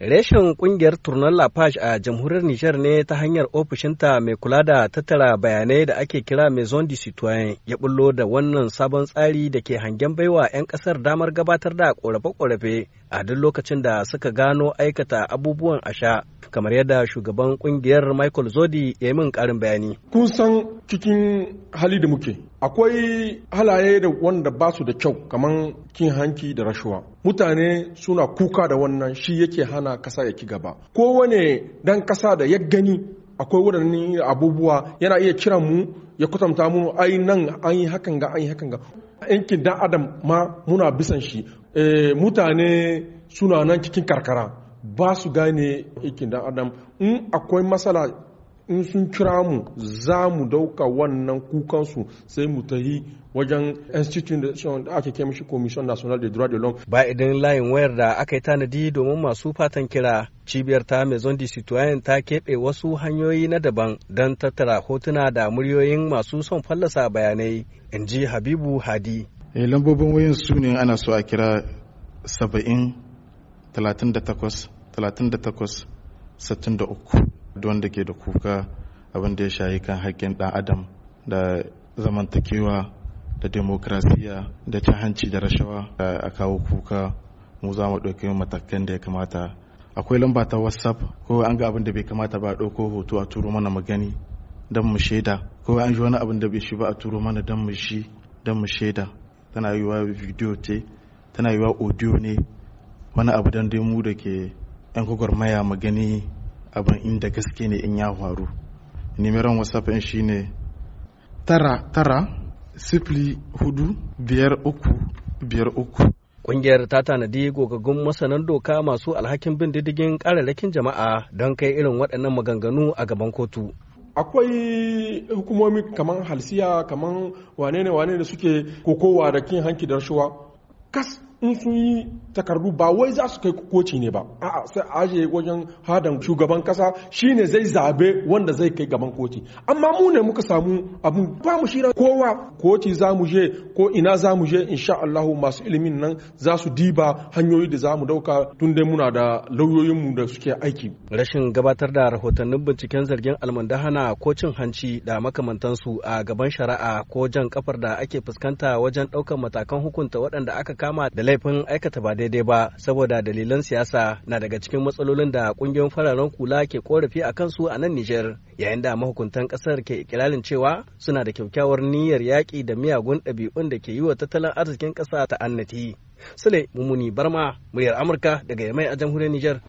Reshen kungiyar Turnar Lafash a jamhuriyar Nijar ne ta hanyar ofishinta mai kula da tattara bayanai da ake kira Maison du Citoyen ya bullo da wannan sabon tsari da ke hangen baiwa 'yan kasar damar gabatar da korafe-korafe a duk lokacin da suka gano aikata abubuwan asha kamar yadda shugaban kungiyar Michael Zodi ya yi min karin bayani. Kun san cikin hali da muke akwai halaye da wanda ba su da kyau kamar kin hanki da rashuwa mutane suna kuka da wannan shi yake hana kasa ya ki gaba kowane dan kasa da ya gani akwai waɗannan abubuwa yana iya kiran mu ya kusanta mu ai nan an yi hakan ga an yi hakan ga yankin dan adam ma muna bisan shi eh, mutane suna nan cikin karkara ba su gane yankin dan adam in akwai matsala in sun kira mu za mu dauka wannan kukansu sai mu tahi wajen institution da ake kemishi commission national de droit de l'homme ba idan layin wayar da aka yi tanadi domin masu fatan kira cibiyar ta maison du citoyen ta keɓe wasu hanyoyi na daban don tattara hotuna da muryoyin masu son fallasa bayanai in ji habibu hadi eh, lambobin wayan su ne ana so a kira saba'in talatin da takwas da ke da kuka abin da ya shayi kan haƙƙin ɗan adam da zamantakewa da demokrasiya da ta hanci da rashawa eh, a kawo kuka mu za mu ɗauki matakan da ya kamata akwai lamba ta whatsapp ko an ga abin da bai kamata ba a ɗauko hoto a turo mana magani don mu shaida ko an ji wani abin da bai shi ba a turo mana don mu shi don mu shaida tana wa bidiyo ce tana yiwa audio ne wani abu don dai mu da ke 'yan gwagwarmaya mu gani abin inda gaske ne in ya faru nimiran whatsapp in shine tara tara sifili hudu biyar uku biyar uku Ƙungiyar ta tanadi gogaggun masanan doka masu alhakin bin diddigin ƙararrakin jama'a don kai irin waɗannan maganganu a gaban kotu. Akwai hukumomi kamar halsiya kamar wane ne wane da suke kokowa da kin hanki da rashuwa. Kas in sun yi takardu ba wai za su kai koci ne ba a'a sai aje wajen hadan shugaban kasa shine zai zabe wanda zai kai gaban koci amma mu ne muka samu abu ba mu shira kowa koci za mu je ko ina za mu je insha Allah masu ilimin nan za su diba hanyoyi da za mu dauka tun dai muna da lauyoyin mu da suke aiki rashin gabatar da rahotannin binciken zargin almundahana ko cin hanci da makamantansu a gaban shari'a ko jan kafar da ake fuskanta wajen ɗaukar matakan hukunta waɗanda aka kama da laifin laifin aikata ba daidai ba saboda dalilan siyasa na daga cikin matsalolin da kungiyoyin fararen kula ke korafi a kansu a nan Nijar yayin da mahukuntan kasar ke ikirarin cewa suna da kyakkyawar niyyar yaƙi da miyagun ɗabi'un da ke yi wa tattalin arzikin ƙasa ta annati. Sule Mumuni Barma, muryar Amurka daga Yamai a jamhuriyar Nijar.